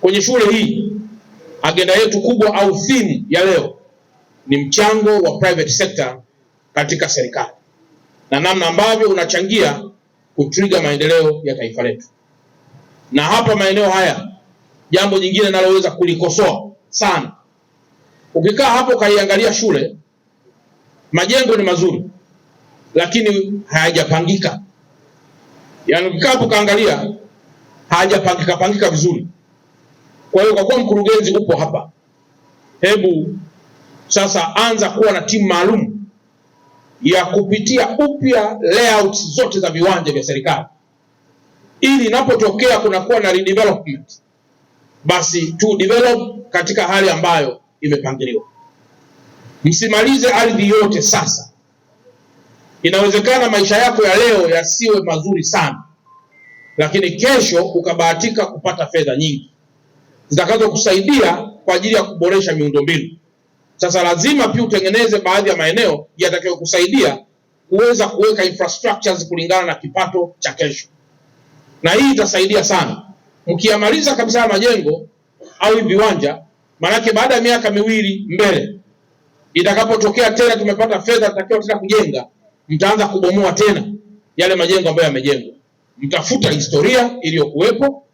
Kwenye shule hii agenda yetu kubwa au theme ya leo ni mchango wa private sector katika serikali na namna ambavyo unachangia kutriga maendeleo ya taifa letu. Na hapa maeneo haya, jambo jingine naloweza kulikosoa sana, ukikaa hapo kaiangalia shule, majengo ni mazuri, lakini hayajapangika. Yaani ukikaa hapo kaangalia, hayajapangika pangika vizuri kwa hiyo kwa kuwa mkurugenzi upo hapa, hebu sasa anza kuwa na timu maalum ya kupitia upya layout zote za viwanja vya serikali, ili inapotokea kuna kuwa na redevelopment, basi tu develop katika hali ambayo imepangiliwa. Msimalize ardhi yote sasa. Inawezekana maisha yako ya leo yasiwe mazuri sana, lakini kesho ukabahatika kupata fedha nyingi zitakazokusaidia kwa ajili ya kuboresha miundombinu. Sasa lazima pia utengeneze baadhi ya maeneo yatakayokusaidia kuweza kuweka infrastructures kulingana na kipato cha kesho, na hii itasaidia sana mkiamaliza kabisa majengo au viwanja, maanake baada ya miaka miwili mbele itakapotokea tena tumepata fedha tutakiwa tena kujenga, mtaanza kubomoa tena yale majengo ambayo yamejengwa, mtafuta historia iliyokuwepo,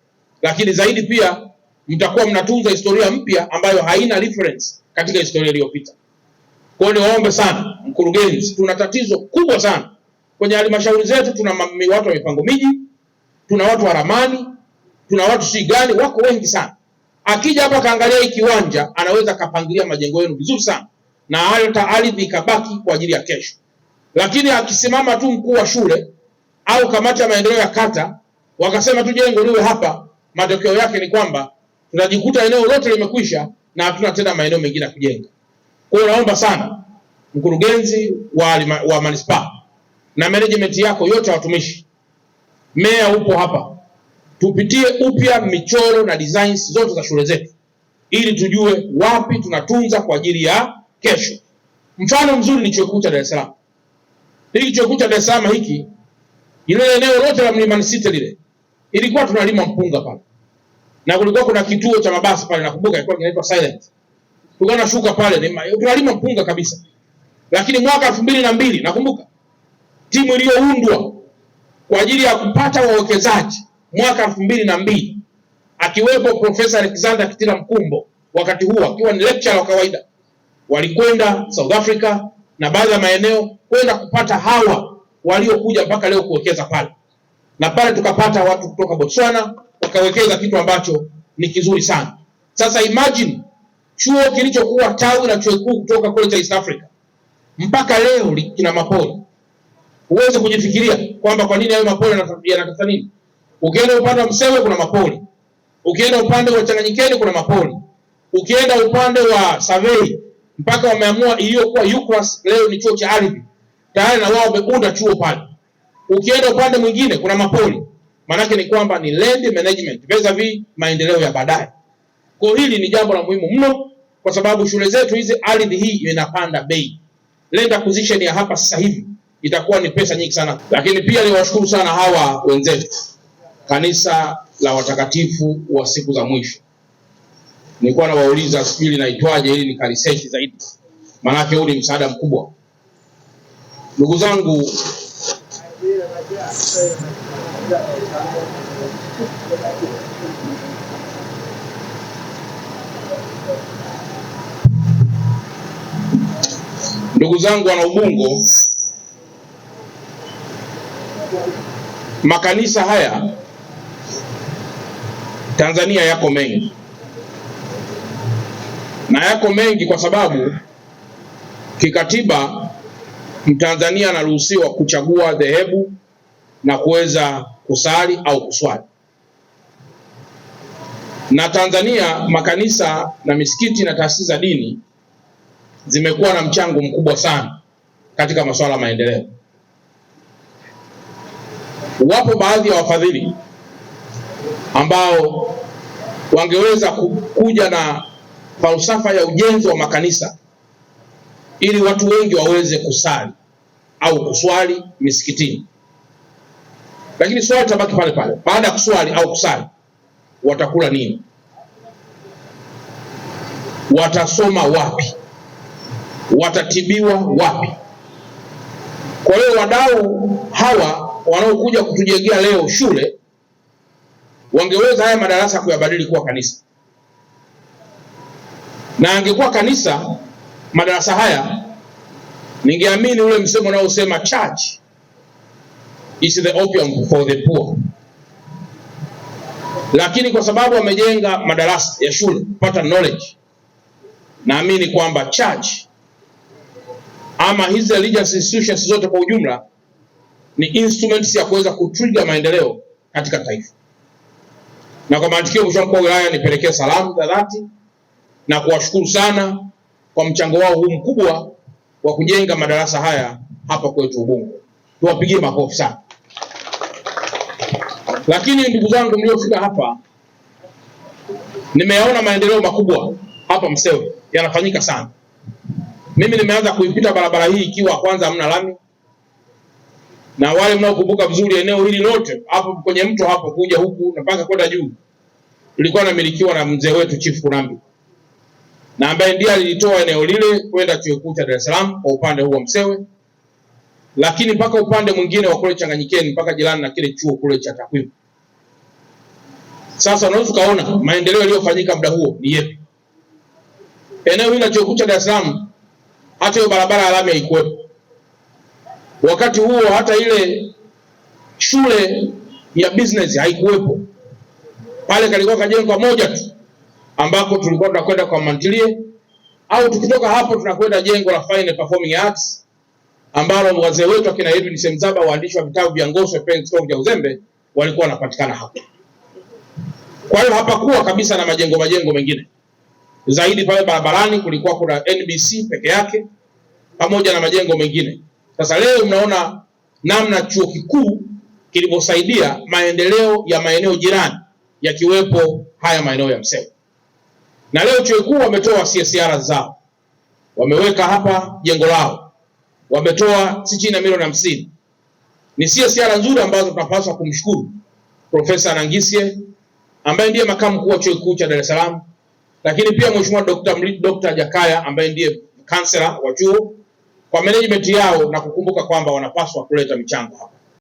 lakini zaidi pia mtakuwa mnatunza historia mpya ambayo haina reference katika historia iliyopita. Kwa hiyo niwaombe sana mkurugenzi, tuna tatizo kubwa sana kwenye halmashauri zetu. Tuna watu wa mipango miji, tuna watu wa ramani, tuna watu si gani, wako wengi sana. Akija hapa kaangalia hii kiwanja, anaweza kapangilia majengo yenu vizuri sana na hata ardhi ikabaki kwa ajili ya kesho. Lakini akisimama tu mkuu wa shule au kamati ya maendeleo ya kata wakasema tu jengo liwe hapa, matokeo yake ni kwamba tunajikuta eneo lote limekwisha na hatuna tena maeneo mengine ya kujenga. Kwa hiyo naomba sana mkurugenzi wa, wa manispaa na management yako yote ya watumishi, meya upo hapa, tupitie upya michoro na designs zote za shule zetu ili tujue wapi tunatunza kwa ajili ya kesho. Mfano mzuri ni chuo kikuu cha Dar es Salaam. Hiki chuo kikuu cha Dar es Salaam hiki, ile eneo lote la Mlimani City lile, ilikuwa tunalima mpunga pale na kulikuwa kuna kituo cha mabasi pale, nakumbuka ilikuwa inaitwa Silent. Tulikuwa tunashuka pale, tunalima mpunga kabisa. Lakini mwaka elfu mbili na mbili nakumbuka timu iliyoundwa kwa ajili ya kupata wawekezaji mwaka elfu mbili na mbili akiwepo Profesa Alexander Kitila Mkumbo, wakati huo akiwa ni lecturer wa kawaida, walikwenda South Africa na baadhi ya maeneo kwenda kupata hawa waliokuja mpaka leo kuwekeza pale, na pale tukapata watu kutoka Botswana wakawekeza kitu ambacho ni kizuri sana. Sasa imagine chuo kilichokuwa tawi la chuo kikuu kutoka kule cha East Africa mpaka leo kina mapori. Huwezi kujifikiria kwamba kwa nini hayo mapori yanatafuta nini? Ukienda upande wa Msewe kuna mapori, ukienda upande wa Changanyikeni kuna mapori, ukienda upande wa Survey mpaka wameamua iliyokuwa UCRAS leo ni chuo cha ardhi tayari na wao wameunda chuo pale. Ukienda upande mwingine kuna mapori Maanake ni kwamba ni land management vis-a-vis maendeleo ya baadaye. Kwa hili ni jambo la muhimu mno, kwa sababu shule zetu hizi, ardhi hii inapanda bei. Land acquisition ya hapa sasa hivi itakuwa ni pesa nyingi sana, lakini pia niwashukuru sana hawa wenzetu kanisa la watakatifu wa siku za mwisho. Nilikuwa nawauliza sijui linaitwaje ili nikaliseshi zaidi, maanake huu ni msaada mkubwa, ndugu zangu. Ndugu zangu wana Ubungo, makanisa haya Tanzania yako mengi na yako mengi kwa sababu kikatiba Mtanzania anaruhusiwa kuchagua dhehebu na kuweza kusali au kuswali. Na Tanzania makanisa na misikiti na taasisi za dini zimekuwa na mchango mkubwa sana katika masuala ya maendeleo. Wapo baadhi ya wafadhili ambao wangeweza kuja na falsafa ya ujenzi wa makanisa ili watu wengi waweze kusali au kuswali misikitini lakini swali tabaki pale pale. Baada ya kuswali au kusali, watakula nini? Watasoma wapi? Watatibiwa wapi? Kwa hiyo wadau hawa wanaokuja kutujengea leo shule wangeweza haya madarasa kuyabadili kuwa kanisa, na angekuwa kanisa madarasa haya, ningeamini ule msemo unaosema church is the opium for the poor. Lakini kwa sababu wamejenga madarasa ya shule kupata knowledge, naamini kwamba church ama hizi religious institutions zote kwa ujumla ni instruments ya kuweza kutrigger maendeleo katika taifa. Na kwa maandikio, Mheshimiwa Mkuu wa Wilaya, nipelekee salamu za dhati na kuwashukuru sana kwa mchango wao huu mkubwa wa kujenga madarasa haya hapa kwetu Ubungo. Tuwapigie makofi sana. Lakini ndugu zangu mliofika hapa, nimeyaona maendeleo makubwa hapa Msewe yanafanyika sana. Mimi nimeanza kuipita barabara hii ikiwa kwanza hamna lami, na wale mnaokumbuka vizuri eneo hili lote hapo kwenye mto hapo kuja huku na mpaka kwenda juu ilikuwa namilikiwa na mzee wetu Chief Kurambi na ambaye ndiye alilitoa eneo lile kwenda chuo kikuu cha Dar es Salaam kwa upande huo Msewe lakini mpaka upande mwingine wa kule Changanyikeni mpaka jirani na kile chuo kule cha takwimu. Sasa unaweza ukaona maendeleo yaliyofanyika muda huo ni yepi. Eneo hili la chuo kikuu cha Dar es Salaam, hata hiyo barabara alami haikuwepo wakati huo, hata ile shule ya business haikuwepo pale, kalikuwa kajengwa moja tu ambako tulikuwa tunakwenda kwa mantilie, au tukitoka hapo tunakwenda jengo la Fine Performing Arts ambalo wazee wetu akina Edwin Semzaba, waandishi wa vitabu vya Ngoswe, Pens Kitovu ya Uzembe, walikuwa wanapatikana hapo. Kwa hiyo hapakuwa kabisa na majengo majengo mengine zaidi pale barabarani, kulikuwa kuna NBC peke yake pamoja na majengo mengine. Sasa leo mnaona namna chuo kikuu kilivyosaidia maendeleo ya maeneo jirani yakiwepo haya maeneo ya Msewa, na leo chuo kikuu wametoa CSR zao, wameweka hapa jengo lao wametoa si chini ya milioni hamsini. Ni siara nzuri ambazo tunapaswa kumshukuru Profesa Nangisye ambaye ndiye makamu mkuu wa chuo kikuu cha Dar es Salaam, lakini pia Mheshimiwa Dr. Jakaya ambaye ndiye kansela wa chuo kwa management yao na kukumbuka kwamba wanapaswa kuleta michango hapa.